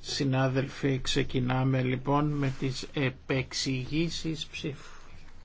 Συνάδελφοι, ξεκινάμε λοιπόν με τις επεξηγήσεις ψήφου.